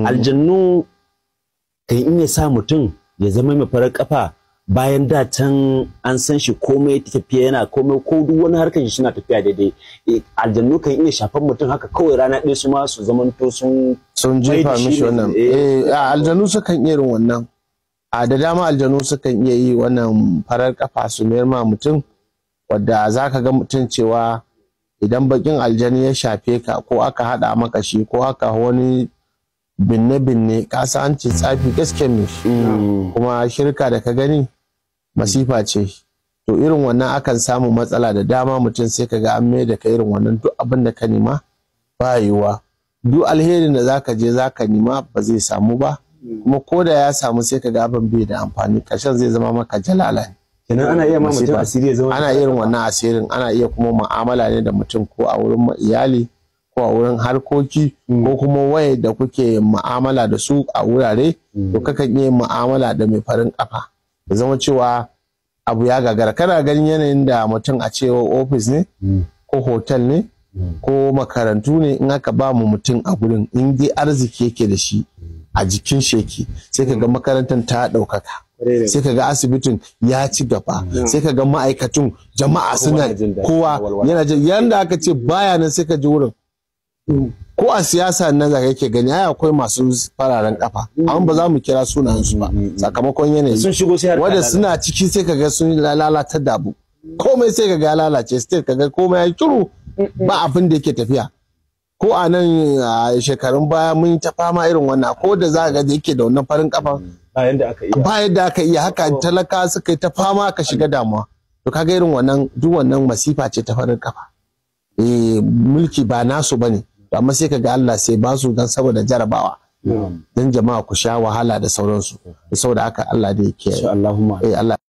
Mm. aljannu kan iya sa mutum ya zama mai farar kafa bayan da can an san shi komai tafiya yana komai ko duk wani harkar shi na tafiya daidai eh, aljannu kan iya shafan mutum haka kawai rana ɗaya su ma su zamanto sun sun jefa mishi wannan eh, eh aljannu sukan iya irin wannan a da dama su sukan iya yi wannan farar kafa su mayar ma mutum wadda za ka ga mutum cewa idan bakin aljani ya shafe ka ko aka haɗa maka shi ko aka wani binne-binne kasa an ce mm. tsafi gaske ne mm. kuma shirka da ka gani masifa ce to irin wannan akan samu matsala da dama mutum sai ka ga an mai da ka irin wannan duk abin da ka nema ba yiwuwa duk alherin da zaka je zaka nema ba zai samu ba mm. kuma ko da ya samu sai ka ga abin bai da amfani ƙarshen zai zama maka jalala ne kenan ana iya ma mutum asiri ya zama ana irin wannan asirin ana iya kuma mu'amala ne da mutum ko a wurin iyali ko a wurin harkoki mm. ko kuma waye da kuke mu'amala da su a wurare to mm. kakan iya mu'amala da mai farin kafa da zama cewa abu ya gagara kana ganin yanayin da mutum a cewa ofis ne mm. ko hotel ne ko makarantu ne in aka ba mu mutum a gurin in dai arziki yake da shi a jikin sheki sai ka ga makarantar ta ɗaukaka sai ka ga asibitin ya ci gaba sai ka ga ma'aikatun jama'a suna kowa yana jin yanda aka ce baya nan sai ka ji wurin ko a siyasa nan za kake gani ai akwai masu fararen kafa amma ba za mu kira sunan su ba sakamakon yanayi sun shigo sai wanda suna ciki sai kaga sun lalata da bu komai sai kaga lalace state kaga komai ya turu ba abin da yake tafiya ko a nan shekarun baya mun ta fama irin wannan ko da za ga da yake da wannan farin kafa ba yadda aka iya haka talaka suka yi ta fama ka shiga damuwa to kaga irin wannan duk wannan masifa ce ta farin kafa eh mulki ba nasu bane amma sai kaga Allah sai ba su dan saboda jarabawa dan jama'a ku sha wahala da sauransu saboda haka Allah da eh Allah